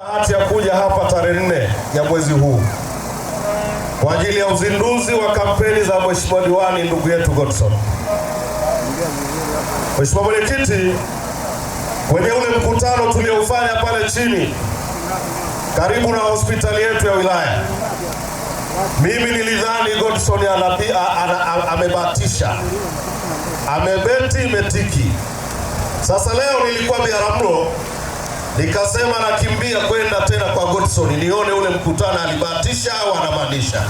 bahati ya kuja hapa tarehe nne ya mwezi huu kwa ajili ya uzinduzi wa kampeni za Mheshimiwa diwani ndugu yetu Godson. Mheshimiwa mwenyekiti, kwenye ule mkutano tuliofanya pale chini karibu na hospitali yetu ya wilaya, mimi nilidhani Godson amebatisha, amebeti metiki. Sasa leo nilikuwa Biharamulo nikasema nakimbia kwenda tena kwa Godson nione ule mkutano alibahatisha au anamaanisha.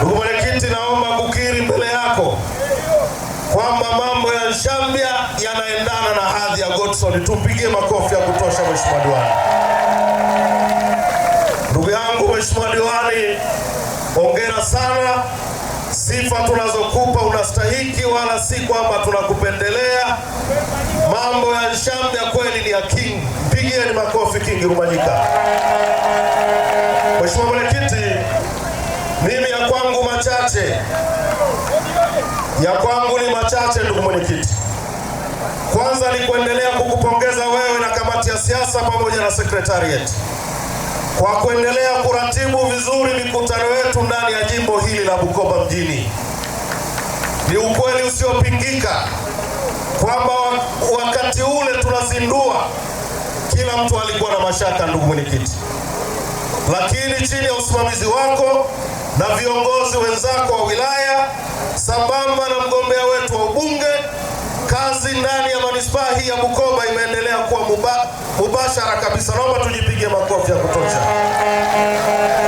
Ndugu mwenyekiti, naomba kukiri mbele yako kwamba mambo ya Nshambya yanaendana na hadhi ya Godson. Tupigie makofi ya kutosha mheshimiwa diwani. Ndugu yangu mheshimiwa diwani, ongera sana sifa tunazokupa unastahiki, wala si kwamba tunakupendelea. Mambo ya shamba ya kweli ni ya King. Pigieni makofi King Rumanyika. Mheshimiwa Mwenyekiti, mimi ya kwangu machache, ya kwangu ni machache, ndugu mwenyekiti. Kwanza ni kuendelea kukupongeza wewe na kamati ya siasa pamoja na sekretarieti kwa kuendelea kuratibu vizuri mikutano yetu ndani ya jimbo hili la Bukoba mjini. Ni ukweli usiopingika kwamba wakati ule tunazindua, kila mtu alikuwa na mashaka, ndugu mwenyekiti, lakini chini ya usimamizi wako na viongozi wenzako wa wilaya sambamba na mgombea wetu wa ubunge kazi ndani ya manispaa hii ya Bukoba imeendelea kuwa muba, mubashara kabisa. Naomba tujipige makofi ya kutosha.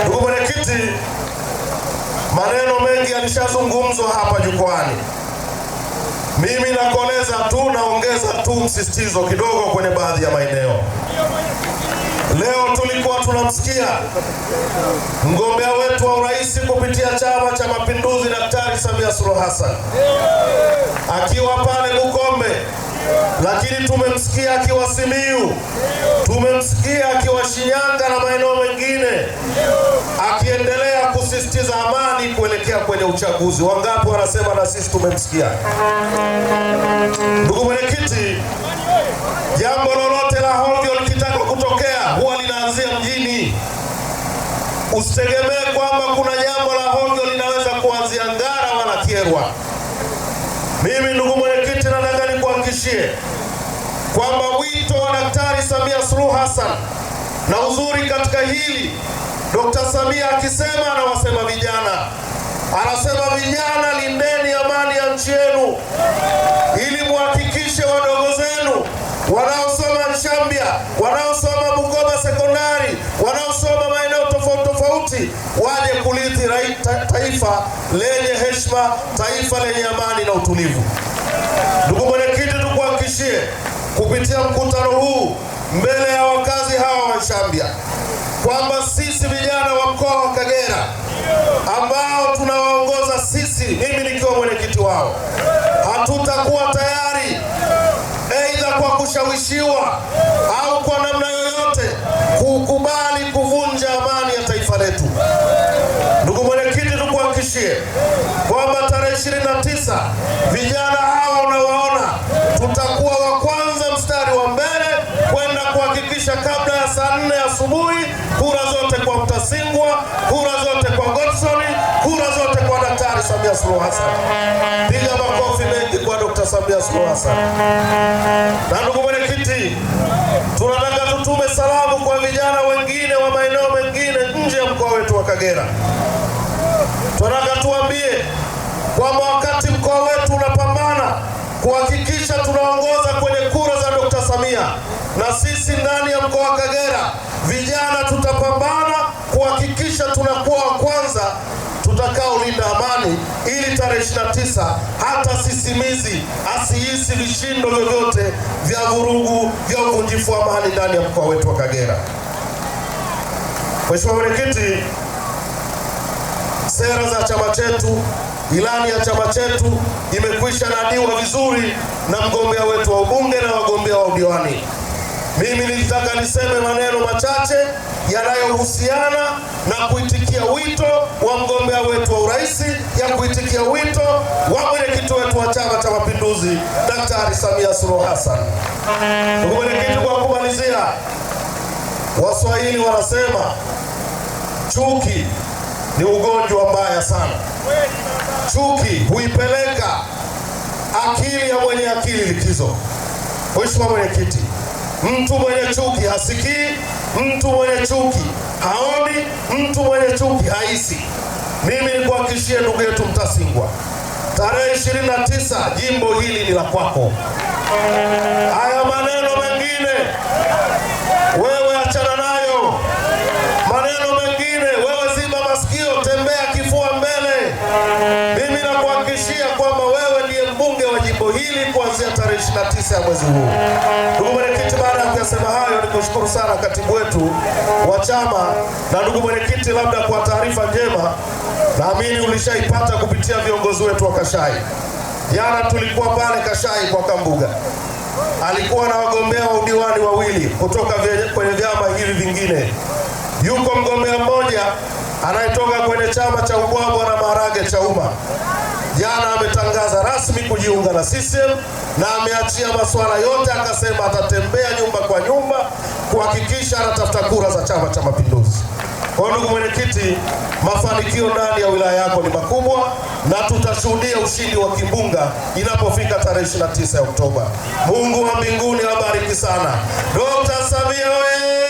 Ndugu mwenyekiti, maneno mengi yalishazungumzwa hapa jukwani. Mimi nakoleza tu, naongeza tu msisitizo kidogo kwenye baadhi ya maeneo. Leo tulikuwa tunamsikia mgombea wetu wa urais kupitia Chama cha Mapinduzi na Samia Suluhu Hassan akiwa pale Bukombe, lakini tumemsikia akiwa Simiyu, tumemsikia akiwa Shinyanga na maeneo mengine akiendelea kusisitiza amani kuelekea kwenye uchaguzi. Wangapi wanasema na sisi tumemsikia? Ndugu mwenyekiti, jambo lolote la hovyo likitaka kutokea huwa linaanzia mjini. Usitegemee kwamba kuna Kagwa. Mimi ndugu mwenyekiti, nataka nikuhakikishie kwamba wito wa Daktari Samia Suluhu Hassan na uzuri katika hili, Dr. Samia akisema anawasema vijana, anasema vijana, lindeni amani ya nchi yenu ili muhakikishe wadogo zenu wanao Shambia, wanaosoma Bukoba sekondari, wanaosoma maeneo tofauti tofauti, waje kulithi taifa lenye heshima, taifa lenye amani na utulivu. Ndugu mwenyekiti, tukuhakikishie kupitia mkutano huu mbele ya wakazi hawa wa Shambia kwamba sisi vijana wa mkoa wa Kagera ambao tunawaongoza sisi, mimi nikiwa mwenyekiti wao, hatutakuwa kushawishiwa au kwa namna yoyote kukubali kuvunja amani ya taifa letu. Ndugu mwenyekiti, tukuhakikishie kwamba tarehe 29 vijana hawa unawaona, tutakuwa wa kwanza mstari wa mbele kwenda kuhakikisha kabla ya saa nne asubuhi kura zote kwa Mtasingwa, kura zote kwa Godson Samia Suluhu Hassan. Piga makofi mengi kwa Dr. Samia Suluhu Hassan. Na ndugu mwenyekiti, tunataka tutume salamu kwa vijana wengine wa maeneo mengine nje ya mkoa wetu wa Kagera. Tunataka tuambie kwamba wakati mkoa wetu unapambana kuhakikisha tunaongoza kwenye kura za Dr. Samia, na sisi ndani ya mkoa wa Kagera vijana tutapambana kuhakikisha tunakuwa wa kwanza tutakaolinda amani ili tarehe 29 hata sisimizi asihisi vishindo vyovyote vya vurugu vya uvunjifu wa amani ndani ya mkoa wetu wa Kagera. Mheshimiwa Mwenyekiti, sera za chama chetu, ilani ya chama chetu imekwisha nadiwa vizuri na mgombea wetu wa ubunge na wagombea wa udiwani. Mimi nilitaka niseme maneno machache yanayohusiana na kuitikia wito wa mgombea wetu wa urais, ya kuitikia wito wa mwenyekiti wetu wa Chama cha Mapinduzi Daktari Samia Suluhu Hassan. Ndugu mwenyekiti, kwa kumalizia, Waswahili wanasema chuki ni ugonjwa mbaya sana. Chuki huipeleka akili ya mwenye akili likizo. Mheshimiwa mwenyekiti, mtu mwenye chuki hasikii Mtu mwenye chuki haoni, mtu mwenye chuki haisi. Mimi nikuhakikishie ndugu yetu Mtasingwa, tarehe 29 jimbo hili ni la kwako. Haya 29 ya mwezi huu. Ndugu mwenyekiti, baada ya kuyasema hayo, nikushukuru sana katibu wetu wa chama na ndugu mwenyekiti, labda kwa taarifa njema, naamini ulishaipata kupitia viongozi wetu wa Kashai. Jana tulikuwa pale Kashai kwa Kambuga, alikuwa na wagombea wa udiwani wawili kutoka kwenye vyama hivi vingine. Yuko mgombea mmoja anayetoka kwenye chama cha Ubwabwa na Maharage cha Umma jana ametangaza rasmi kujiunga na CCM na ameachia masuala yote, akasema atatembea nyumba kwa nyumba kuhakikisha anatafuta kura za Chama cha Mapinduzi. Kwa ndugu mwenyekiti, mafanikio ndani ya wilaya yako ni makubwa na tutashuhudia ushindi wa kimbunga inapofika tarehe 29 ya Oktoba. Mungu wa mbinguni awabariki sana. Dr. Samia